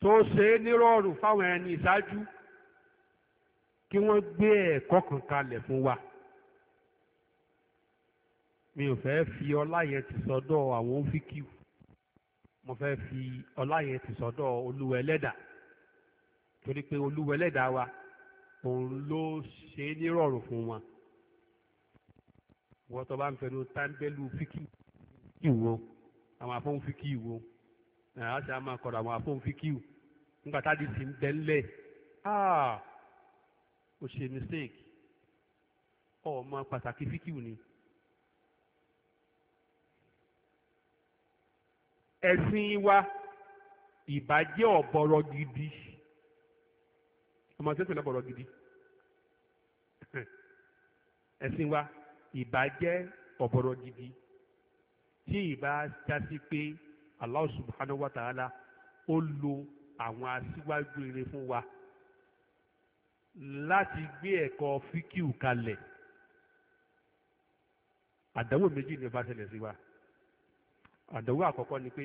tó ṣe é nírọ̀rùn fáwọn ẹni ìṣáájú kí wọ́n gbé ẹ̀kọ́ kan kalẹ̀ fún wa mi ò fẹ́ fi ọlá yẹn ti sọ́dọ̀ àwọn òfìkìw mo fẹ́ fi ọlá yẹn ti sọ́dọ̀ olúwa torí pé olúwa wa òun ló ṣe é nírọ̀rùn fún wọn wọ́n tó bá ń fẹnu táńbẹ́lú fíkìw wo àwọn afọ́nfíkìw wo a ṣe máa kọ̀rọ̀ àwọn afọ́nfíkìw nígbà tá a di ti ń bẹ́ńlẹ̀ ah, ó ṣe mistake ọmọ pàtàkì fíkìw ni. ẹ̀sìn wa ìbàjẹ́ ọ̀bọ̀rọ̀ gidi ọmọ tẹ́sán lọ́bọ̀rọ̀ gidi ẹ̀sìn wa ìbàjẹ́ ọ̀bọ̀rọ̀ gidi tí ìbá já sí pé. Allah subhanahu wa ta'ala ó lo àwọn aṣíwájú rere fún wa láti gbé ẹ̀kọ́ fíkìú kalẹ̀ àdánwò méjì ni bá ṣẹlẹ̀ sí wa àdánwò àkọ́kọ́ ni pé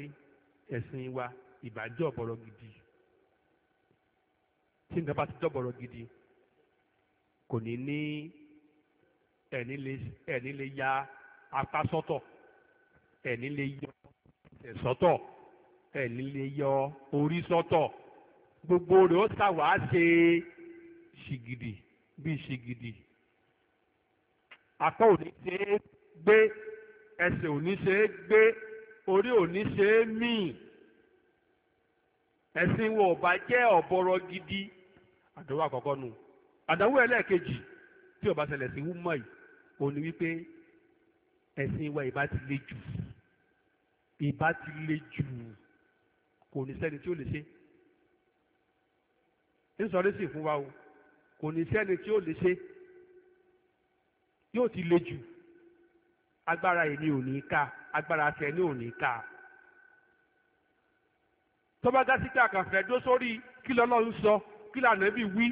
ẹ̀sìn wa ìbàjẹ́ ọ̀bọ̀rọ̀ gidi tí nǹkan bá ti dọ́bọ̀rọ̀ gidi kò ní ní ẹ̀ní lè ya apá sọ́tọ̀ ẹ̀ní lè yọ tẹ̀ sọ́tọ̀ ẹ̀ líle yọ orí sọ́tọ̀ gbogbo rẹ̀ ó ṣàwá ṣe ṣìgìdì bíi ṣìgìdì apá ò ní ṣe é gbé ẹsẹ̀ ò ní ṣe é gbé orí ò ní ṣe é míì ẹ̀sìn wọn ò bá jẹ́ ọ̀bọ̀rọ̀ gidi àdánwò àkọ́kọ́ nu àdánwò ẹlẹ́ẹ̀kejì tí ó bá ṣẹlẹ̀ sí wúmọ̀ yìí òun ni wípé ẹ̀sìn wa ìbá ti le jù ìbá ti le jù kò ní sẹ́ni tí ó lè ṣe nísọ̀rọ̀ sì fún wa o kò ní sẹ́ni tí ó lè ṣe yóò ti le jù agbára èmi ò ní ká agbára tẹ̀lé ò ní ká tọ́ba dásí pé àkànfẹ́ dó sórí kí lọ́lọ́run sọ kí lànà bí wí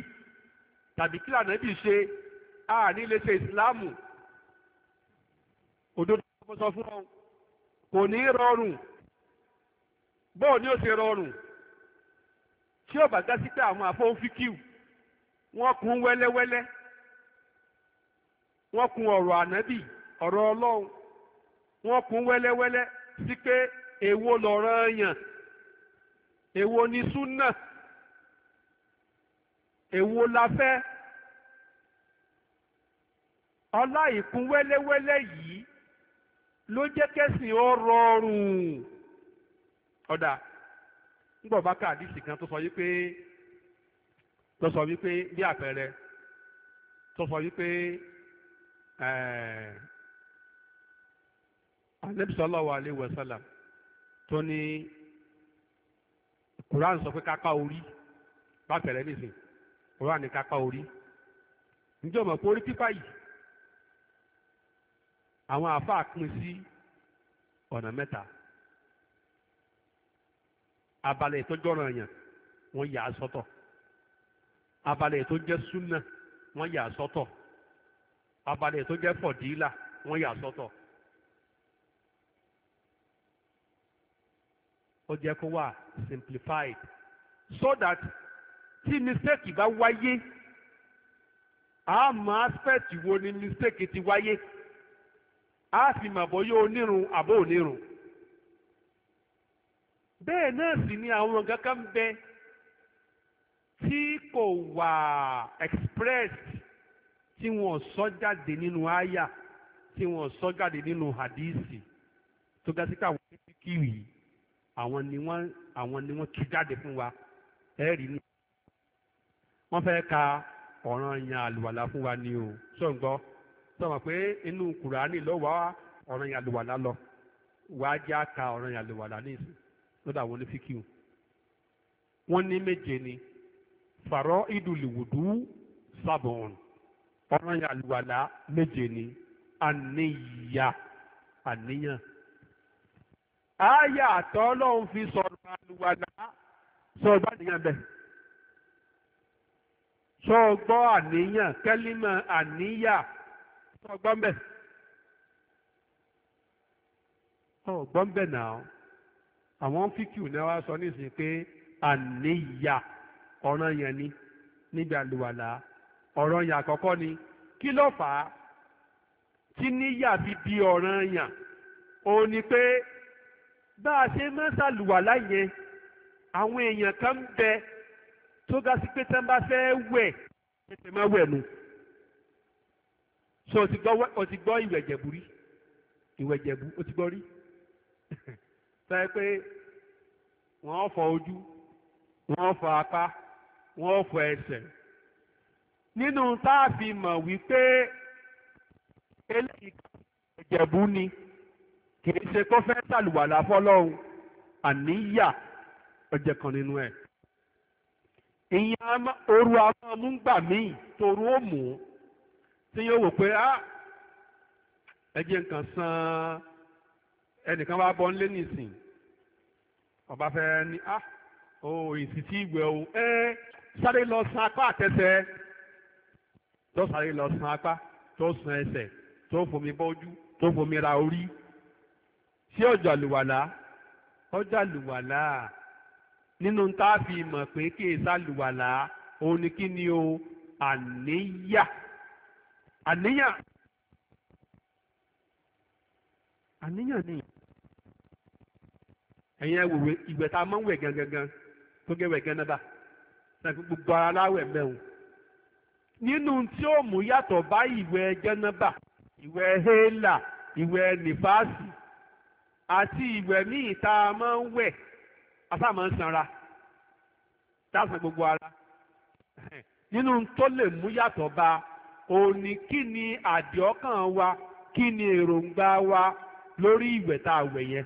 tàbí kí lànà bí ṣe a ní lè ṣe ìsìláàmù òdodo ọmọ sọ fún ọ. kò ní rọrùn bóò ni ó ti rọrùn tí ó bá dá sí pé àwọn àfọwọ́fíkìw wọ́n kún wẹ́lẹ́wẹ́lẹ́ wọ́n kún ọ̀rọ̀ ànábì ọ̀rọ̀ ọlọ́run wọ́n kún wẹ́lẹ́wẹ́lẹ́ sí pé èwo lọ̀rọ̀ yàn èwo ni súnà èwo la fẹ́ ọlá ìkún wẹ́lẹ́wẹ́lẹ́ yìí ló jẹ́ kẹ́sìn ó rọrùn ọ̀dà ńgbọ̀ bá ka àdìsí kan tó sọ wípé tó sọ wípé bí àpẹẹrẹ tó sọ wípé eh, Ànábì sallallahu alaihi wasallam tó ní Quran sọ pé kápá orí bá àpẹẹrẹ nìsín Quran ní kápá orí ǹjẹ́ o mọ̀ pé orí pípa yìí àwọn àáfàá pín sí ọ̀nà mẹ́ta abalẹ̀ ìtọ́jú ọ̀ràn yẹn wọ́n yà á sọ́tọ̀ abalẹ̀ tó jẹ́ súnà wọ́n yà á sọ́tọ̀ abalẹ̀ tó jẹ́ fọ̀dílà wọ́n yà á sọ́tọ̀ ó jẹ́ kó wà simplified so that tí mistake bá wáyé a mọ aspect wo ni mistake ti wáyé a sì mọ̀ bóyá onírun àbó onírun bẹ́ẹ̀ náà sì ni àwọn kankan bẹ tí kò wà expressed tí wọ́n sọ jáde nínú àyà tí wọ́n sọ jáde nínú hadisi tó ga sí káwọn kíwì àwọn ni wọ́n àwọn ni wọ́n tú jáde fún wa ẹ̀rí ni wọ́n fẹ́ ka ọ̀ranyàn àlùwàlà fún wa ni o sọ̀ ń gbọ́. sọ̀rọ̀ pé inú kùránì ló wá ọ̀ràn yàn lọ wàá já ka ọ̀ràn yàn àlùwàlà ní ìsìn lọ́dọ̀ àwọn onífíkìú wọ́n ní méje ni fàrọ́ ìdùlùwùdú sábọ̀n ọ̀ràn yàn àlùwàlà méje ni àníyà àníyàn. àyà àtọ́ fi sọ̀rọ̀ àlùwàlà sọ̀rọ̀ bá bẹ́ẹ̀ sọ àníyàn kẹ́límà àníyà tó ọgbọ́n bẹ̀ ọgbọ́n bẹ̀ náà àwọn fíkìú náà wá sọ nísìnyí pé àníyà ọ̀ràn yẹn ni níbi àlùwàlà ọ̀ràn yẹn àkọ́kọ́ ni kí ló fà á tí níyà fi di ọ̀ràn yẹn ó ní pé bá a ṣe máa ṣàlùwàlà yẹn àwọn èèyàn kan ń bẹ tó ga sí pé tán bá fẹ́ wẹ̀ tètè má wẹ̀ nu so o ti gbọ́ o ti gbọ́ ìwẹ̀ jẹ̀bú rí ìwẹ̀ jẹ̀bú o ti gbọ́ rí sọ pé wọ́n fọ ojú wọ́n fọ apá wọ́n fọ ẹsẹ̀ nínú tá a fi mọ̀ wípé eléyìí ìjẹ̀bú ni kì í ṣe kó fẹ́ sàlùwàlà fọlọ́run àníyà ọjẹ́ kan nínú ẹ̀ ìyẹn oru amúgbà míì torú ó mú un tí yóò wò pé á ah, ẹjẹ nǹkan san ẹnìkan wá bọ́ nílé nìsín ọba fẹ́ ní á ah, o ìsì tí ìwẹ̀ o ẹ sáré lọ san apá àtẹsẹ̀ tó sáré lọ san apá tó san ẹsẹ̀ tó fomi bọ́jú tó fomi ra orí sí ọjà lùwàlà ọjà lùwàlà nínú tá a fi mọ̀ pé kí esa lùwàlà òun ni kí ni o àníyà àníyàn àníyàn ni ẹ̀yin ẹ wòwe ìgbẹ́ tá gangan tó gẹ́ wẹ̀ gan náà bá tàbí gbogbo ara láwẹ̀ mẹ́wọ̀n nínú tí ó mú yàtọ̀ bá ìwẹ̀ jẹ́nàbà ìwẹ̀ hélà ìwẹ̀ nífàásì àti ìwẹ̀ míì tá a máa ń wẹ̀ afá máa ń sanra tá a san gbogbo ara nínú tó lè mú yàtọ̀ bá òun ni kí ni àdìọ́kàn wa kí ni èròǹgbà wa lórí ìwẹ̀ tá a wẹ̀ yẹn.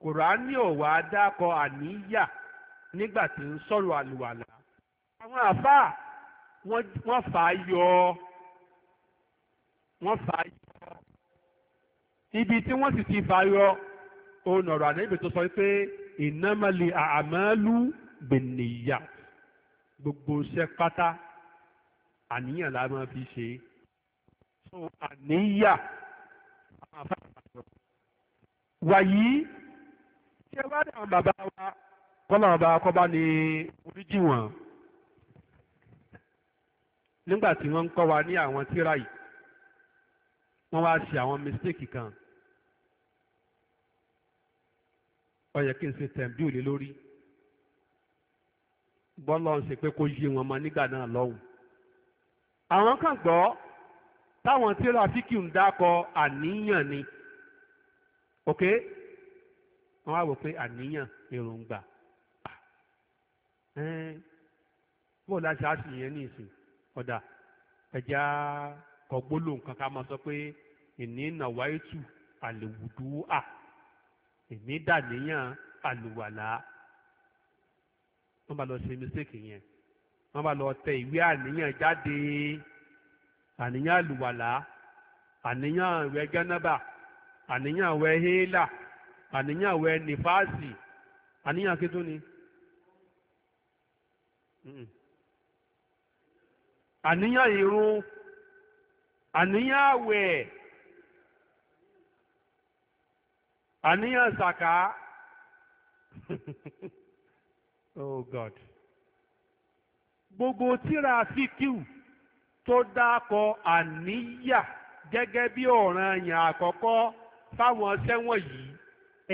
kùránì ò wá dákọ àníyà nígbà tí ń sọ̀rọ̀ àlùwàlà. àwọn àfáà wọ́n fà á yọ wọ́n fà á yọ ibi tí wọ́n sì ti fà á yọ òun ọ̀rọ̀ àdébìtì tó sọ pé ìnámalè àmàlù bènìyà. gbogbo iṣẹ́ pátá àníyàn la máa fi ṣe so àníyà wàyí tí ẹ bá dà àwọn bàbá wa kọ́lá bàbá kọ́bá ni oríjì wọn nígbà tí wọ́n ń kọ́ wa ní àwọn tíra yìí wọ́n wá ṣe àwọn mistake kan ó yẹ kí n ṣe tẹ̀m̀bí òlé lórí. bọ́lọ̀ ń ṣe pé kó yé wọn mọ nígbà náà lọ́hùn. àwọn kan gbọ́ táwọn tí rafiki ń dákọ àníyàn ni ok wọ́n á wò pé àníyàn èròǹgbà bó láti á sì yẹn ní ìsìn ọ̀dà ẹ̀já kọ̀gbólò nǹkan ká máa sọ pé ìní nàwáìtù àlèwùdú à ìní dàníyàn àlùwàlà. wọ́n bá lọ ṣe mistake yẹn wọ́n bá lọ tẹ ìwé àníyàn jáde àníyàn àlùwàlá àníyàn ìwẹ̀ gánábà àníyàn ìwẹ̀ héélà àníyàn ìwẹ̀ nífàásì àníyàn kí tó ni àníyàn irun àníyàn àwẹ̀ àníyàn sàká oh god gbogbo tíra fíkìú tó dákọ àníyà gẹ́gẹ́ bí ọ̀ràn yàn àkọ́kọ́ fáwọn sẹ́wọ̀n yìí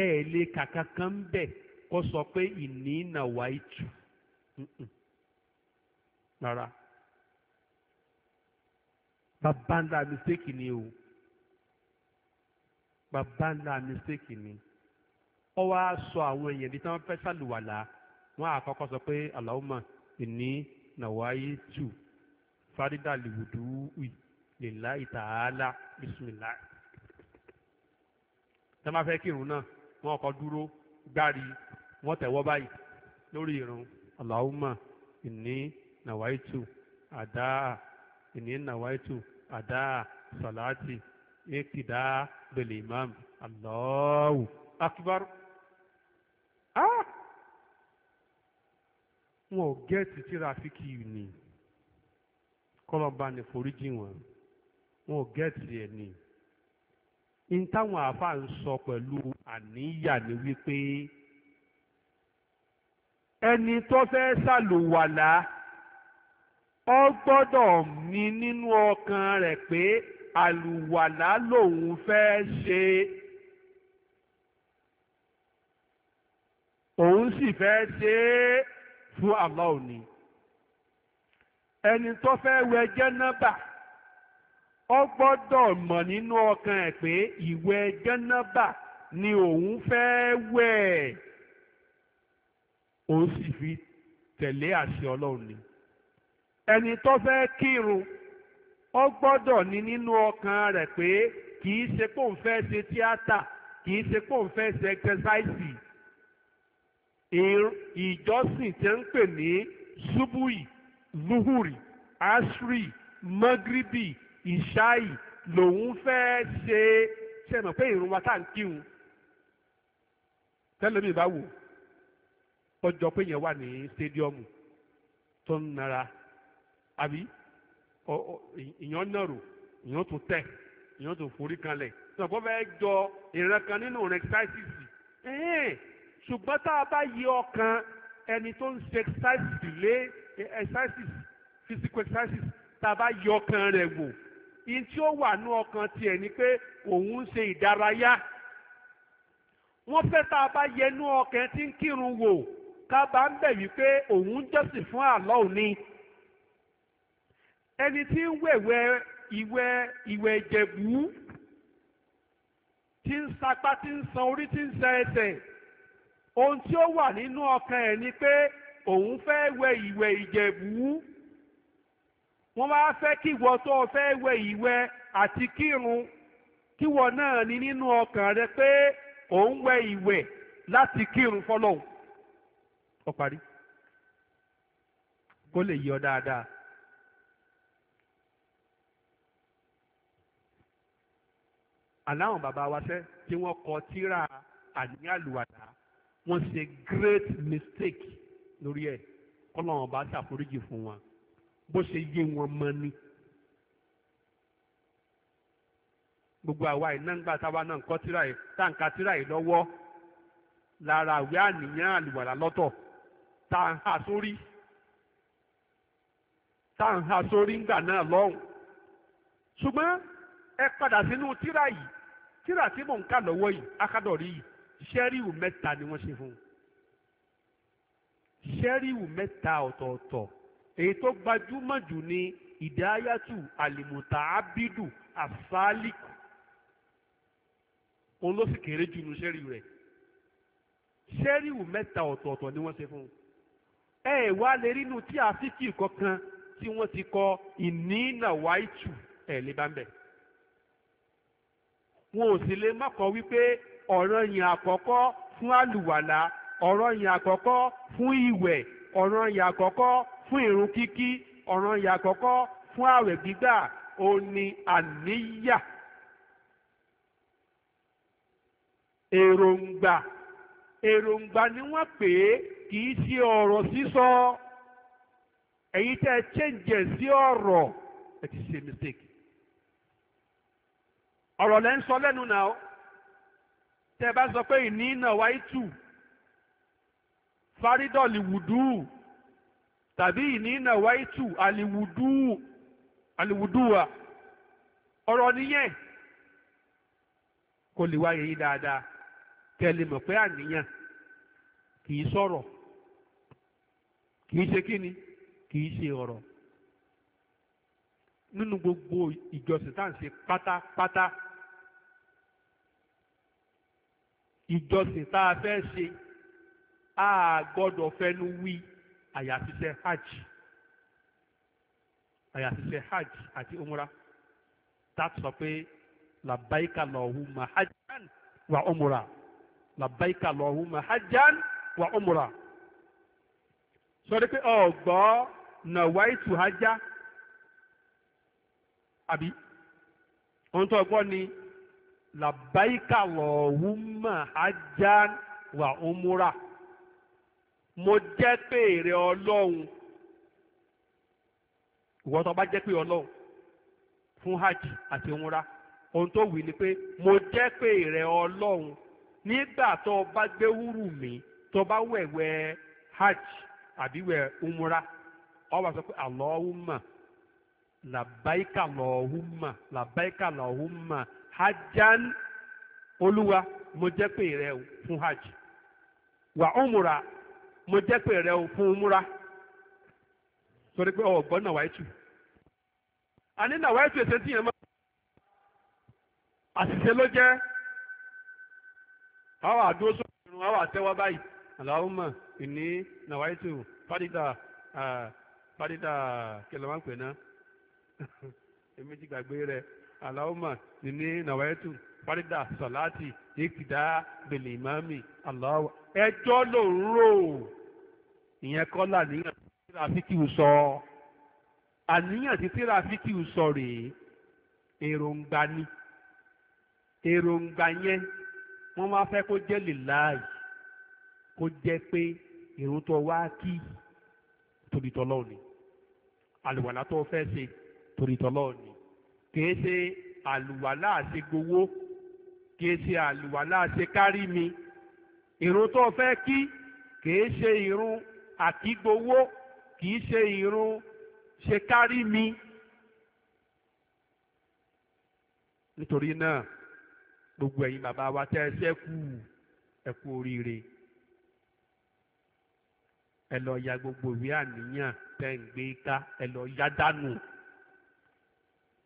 ẹ̀ lè kàkà kan ń bẹ̀ kó sọ pé ìní nàwa ìtù rárá bàbá ńlá mistake ni o bàbá ńlá mistake ni ọ wá sọ àwọn èèyàn bí tí fẹ́ sàlùwàlà wọ́n á kọ́kọ́ sọ pé Allahumma inni nawaitu faridali wudu'i lillahi ta'ala bismillah tẹ́ máa fẹ́ kírun náà wọ́n kọ́ dúró gbárí wọ́n tẹ̀wọ́ báyìí lórí ìrun Allahumma inni nawaitu àdáà inni nawaitu àdáà salati ekida bil imam Allahu akbar. Ah! wọn ò gẹ́ẹ̀tì tírafíkì ni kọ́lọ́ba ní foríjì wọn wọn ò gẹ́ẹ̀tì ẹ̀ ni n táwọn àáfàá ń sọ pẹ̀lú àníyà ni wípé ẹni tó fẹ́ ṣàlùwàlá ó gbọ́dọ̀ ní nínú ọkàn rẹ̀ pé àlùwàlá lòun fẹ́ ṣe òun sì fẹ́ ṣe é fún Allah ni ẹni tó fẹ́ wẹ jẹ́nàbà ó gbọ́dọ̀ mọ̀ nínú ọkàn ẹ̀ pé ìwẹ̀ jẹ́nàbà ni òun fẹ́ wẹ̀ òun sì fi tẹ̀lé àṣẹ ọlọ́run ni ẹni tó fẹ́ kírun ó gbọ́dọ̀ ní nínú ọkàn rẹ̀ pé kì í ṣe pé fẹ́ ṣe tíátà kì í ṣe pé fẹ́ ṣe ẹkẹsáìsì ìjọsìn tí ń pè ní subui zuhuri asri magribi ìṣáì lòun fẹ́ ṣe ṣe mọ̀ pé ìrun wa tá ń kírun tẹ́lẹ̀ mi bá wò tọ́jọ́ pé yẹn wà ní stadiumu tó ń nara àbí ìyàn nàró ìyàn tó tẹ̀ ìyàn tó forí kanlẹ̀ sọ̀kọ́ fẹ́ jọ ìran kan nínú rẹ̀ ṣáìsì ṣùgbọ́n tá a bá yí ọkàn ẹni tó ń ṣe exercises lé exercises physical exercise, tá a bá yí ọkàn rẹ̀ wò in tí ó wà ní ọkàn tiẹ̀ ni pé òun ń ṣe ìdárayá wọ́n fẹ́ tá a bá yẹnu ọkàn tí ń kírun wò ká bá ń bẹ̀ wípé òun ń jọ́sìn fún àlọ́ òní ẹni tí ń wẹ̀wẹ̀ ìwẹ̀ ìwẹ̀ ìjẹ̀bú tí ń sapá tí ń san orí tí ń san ẹsẹ̀ ohun tí ó wà nínú ọkàn ẹ̀ ni pé òun fẹ́ wẹ ìwẹ̀ ìjẹ̀bú wọ́n wá fẹ́ kí ìwọ tó fẹ́ wẹ ìwẹ̀ àti kírun kíwọ náà ní nínú ọkàn rẹ pé òun wẹ ìwẹ̀ láti kírun fọlọ́hùn ó parí kó lè yọ dáadáa. aláwọn bàbá wa ṣe tí wọ́n kọ tírà àníyàn àlùwàdà wọ́n ṣe great mistake lórí ẹ̀ kọ́lọ́wọ́n bá ṣàforíjì fún wọn bó ṣe yé wọn mọ́ ni. gbogbo àwa iná ń gbà táwa náà ń kọ́ tíra yìí tá ń ka tíra yìí lọ́wọ́ lára àwé àníyàn àlùwàlà lọ́tọ̀ tá à ń há sórí tá à ń há sórí ńgbà náà lọ́hùn. ṣùgbọ́n ẹ padà sínú tíra yìí tíra tí mò ń kà lọ́wọ́ yìí akádọ̀rí yìí ṣẹ́ríwù mẹ́ta ni wọ́n ṣe fún un ṣẹ́ríwù mẹ́ta ọ̀tọ̀ọ̀tọ̀ èyí tó gbajúmọ̀ jù ni ìdáyàtù àlìmùtà ábídù àfálìkù òun ló sì kéré jù nu ṣẹ́ríwù rẹ̀ ṣẹ́ríwù mẹ́ta ọ̀tọ̀ọ̀tọ̀ ni wọ́n ṣe fún un ẹ ẹ̀ wá lè rí inú tí a sì kí kankan tí wọ́n ti kọ ìnínàwáìtù ẹ̀ lè bá ń bẹ̀ wọn ò sì lè má kọ wípé ọ̀rọ̀ yìn àkọ́kọ́ fún àlùwàlà ọ̀rọ̀ yìn àkọ́kọ́ fún ìwẹ̀ ọ̀rọ̀ yìn àkọ́kọ́ fún ìrun kíkí ọ̀rọ̀ yìn àkọ́kọ́ fún àwẹ̀ gbígbà ó àníyà èròǹgbà èròǹgbà ni wọ́n pè é kì í ṣe ọ̀rọ̀ sísọ èyí tẹ́ ẹ change sí ọ̀rọ̀ ẹ ti ṣe mistake ọ̀rọ̀ lẹ́ ń sọ lẹ́nu náà tẹ́ bá sọ pé ìní ìnáwá ìtù fárídọ̀lì wùdú tàbí ìní ìnáwá ìtù àlìwùdú àlìwùdúwà ọ̀rọ̀ nìyẹn kò lè wáyé yìí dáadáa kẹ́ lè mọ̀ pé àníyàn kì sọ̀rọ̀ kì ṣe kíni kì ṣe ọ̀rọ̀ nínú gbogbo ìjọsìn tá à ń ṣe pátápátá. ìjọsìn tá a fẹ́ ṣe a gbọ́dọ̀ fẹnu wí àyàfiṣẹ́ hajj àyàfiṣẹ́ hajj àti umra that sọ pé labbaika lọ́hùnmá hajjan wa umra labbaika lọ́hùnmá hajjan wa umra sọ de pé ọ̀gbọ́ nàwáìtù hajjá àbí ohun tó gbọ́ ni labbaika Allahumma hajjan wa umura mo jẹ́ pé èrè ọlọ́run ìwọ tó bá jẹ́ pé ọlọ́run fún hajj àti umura ohun tó wí ni pé mo jẹ́ pé èrè ọlọ́run nígbà tó o bá gbé wúrù mi tó o bá wẹ̀wẹ̀ hajj àbí wẹ̀ umura o bá sọ pé Allahumma labbaika Allahumma labbaika Allahumma. hajjan olúwa mo jẹ́ pé rẹ o fún hajj wà ọmụra mo jẹ́ pé rẹ o fún mụra torí pé ọ̀gbọ́n náà wáyé tù àní náà wáyé tù èsè tí yẹn àṣìṣe ló jẹ́ àwọn àdúró sókè àwọn àtẹ́wọ́ báyìí Allahumma aláwọ̀mà níní nàwẹ́tù fárídà sọ̀láàtì ìkìdá bèlè ìmáàmì aláwọ̀ ẹjọ́ ló ń rò ìyẹn kọ́ làníyàn tí tírafíkì sọ àníyàn tí tírafíkì sọ rèé èròǹgbà ni èròǹgbà yẹn wọ́n ma fe kó jẹ́ lìláàyè kó jẹ pé ìrun tó wá kí torí tọ́lọ́ ni àlùwàlá tó kìí ṣe àlùwàlá àti gbowó kìí ṣe àlùwàlá àti kárí mi ìrun tó fẹ́ kí kìí ṣe ìrun àkígbowó kìí ṣe ìrun ṣe kárí mi. nítorí náà gbogbo ẹ̀yin bàbá wa tẹ́ ẹ ṣẹ́kù ẹ oríire ẹ lọ ya gbogbo ìwé àníyàn tẹ́ ń gbé ká ẹ lọ ya dànù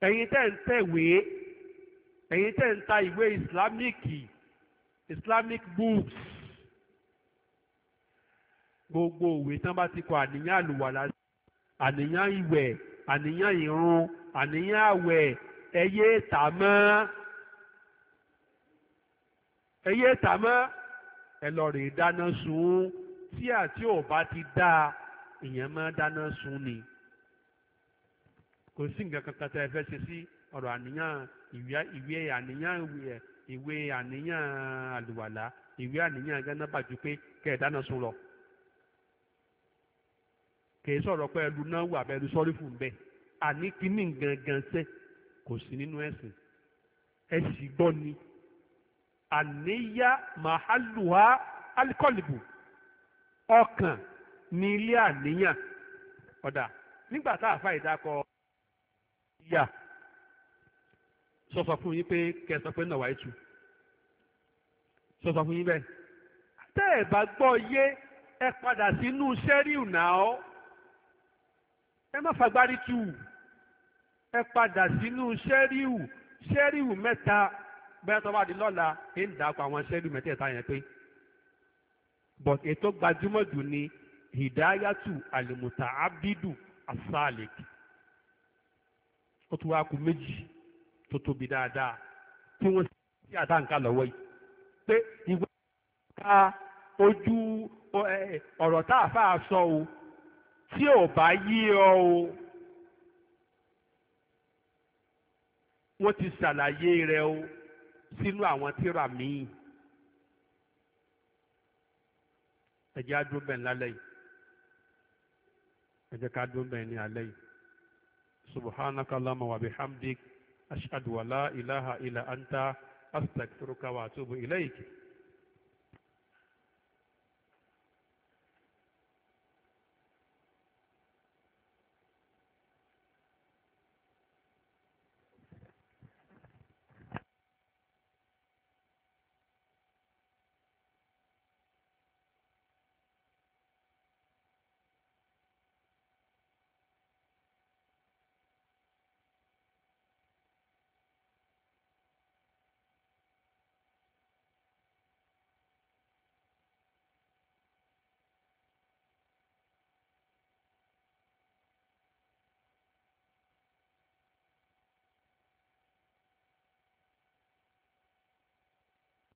ẹ̀yin tẹ́ ń tẹ̀wé ẹ̀yin tẹ́ ń ta ìwé islamic islamic books gbogbo òwe tán bá ti kọ àníyàn àlùwàlá àníyàn ìwẹ̀ àníyàn ìrun àníyàn àwẹ̀ ẹ yé tà mọ́ ẹ yé tà mọ́ ẹ lọ rè dáná sun tí àti ò ti dáa ìyẹn máa dáná sun ni kò sí nǹkan kankan tẹ́ ẹ fẹ́ ṣe sí ọ̀rọ̀ àníyàn ìwé àníyàn ìwé àníyàn àlùwàlà ìwé àníyàn gánábà ju pé kẹ́ ẹ dáná sun lọ kìí sọ̀rọ̀ pé ẹlú náà wà bẹ́ẹ̀ lu sọ́rí fún bẹ́ẹ̀ àní kíní gangan sẹ́ kò sí nínú ẹ̀sìn ẹ̀sìn gbọ́ ni àníyá màhálùwá alikọ́lìbù ọkàn ní ilé àníyàn ọ̀dà nígbà tá a fa ìdákọ̀ yà sọ̀sọ̀ fún yín pé kẹsàn pé nàwá ètù sọ̀sọ̀ fún yín bẹ́ẹ̀ tẹ́ ẹ̀ bá gbọ́ yé ẹ padà sínú sẹ́ríù náà ẹ má fagbárí tù ẹ padà sínú sẹ́ríù sẹ́ríù mẹ́ta bẹ́ẹ̀ tó bá di lọ́la ẹ ń dàpọ̀ àwọn sẹ́ríù mẹ́tẹ̀ẹ̀ta yẹn pé but ètò gbajúmọ̀ jù ni hidayatu alimuta abidu asalik ó tún wá ku méjì tó tóbi dáadáa tí wọ́n sì àdáǹkà lọ́wọ́ yìí pé ìwé ká ojú ọ̀rọ̀ tá a fà sọ o tí ò bá yí ọ o wọ́n ti ṣàlàyé rẹ o sínú àwọn tírà míì ẹ jẹ́ àdúgbò ẹ̀ lálẹ́ ẹ jẹ́ ká dúró ní alẹ́ yìí. سبحانك اللهم وبحمدك أشهد ولا إله إلا أنت أستغفرك وأتوب إليك